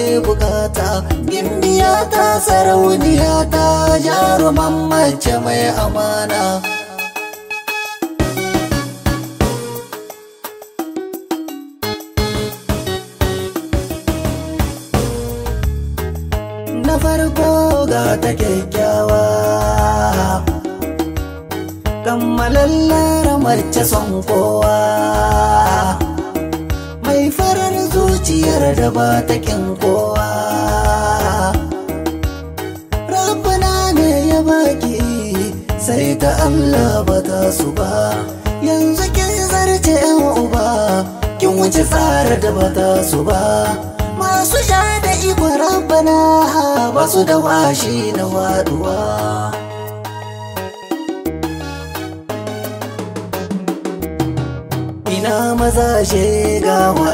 ce bukata gimbiya ta sarauniya ta jaruman mace mai amana na farko ga ta kyakkyawa kammalallar mace son kowa yar da ba ta kin kowa rabbana ne ya baki sai ta Allah ba ta su ba yanzu kin zarce yan uba kin wuce tsara da ba ta su ba masu sha da iko rabbana ba su da washi na waduwa ina maza shiga wa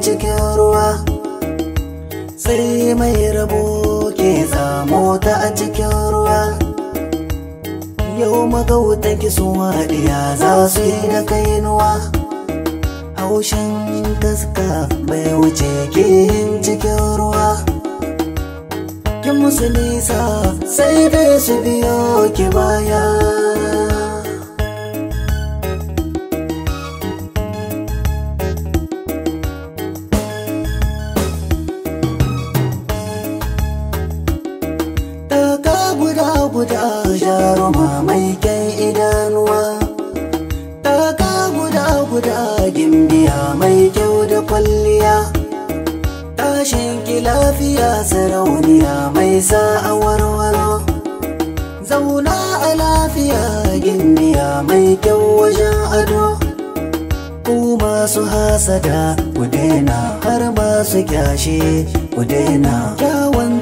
cikin ruwa sai mai rabo ke samu ta a cikin ruwa yau magauta ki sun haɗiya za su yi da kainuwa haushin gaska bai wuce kihin cikin ruwa kin musu nisa sai dai su biyo ki baya mai kyau da kwalliya tashin ki lafiya sarauniya mai sa'a a warwaro zauna a lafiya ginniya mai kyau wajen ado ku masu hasada ku daina har masu kyashe ku daina kyawun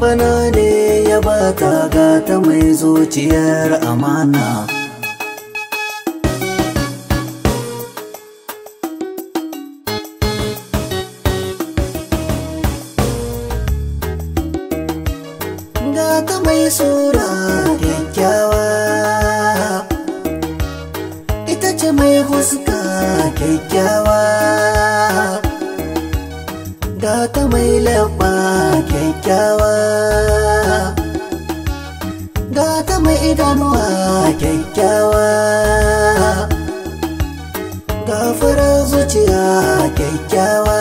bana ne ya bata gata mai zuciyar amana ka mai sura kyakkyawa ita ce mai huska kyakkyawa ga ta mai labba kyakkyawa ga ta mai idanuwa kyakkyawa ga zuciya kyakkyawa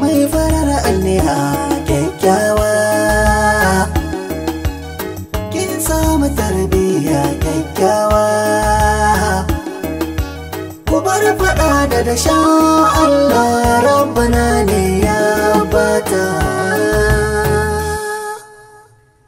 mai farar alniya da sha Allah rabbana ne ya bata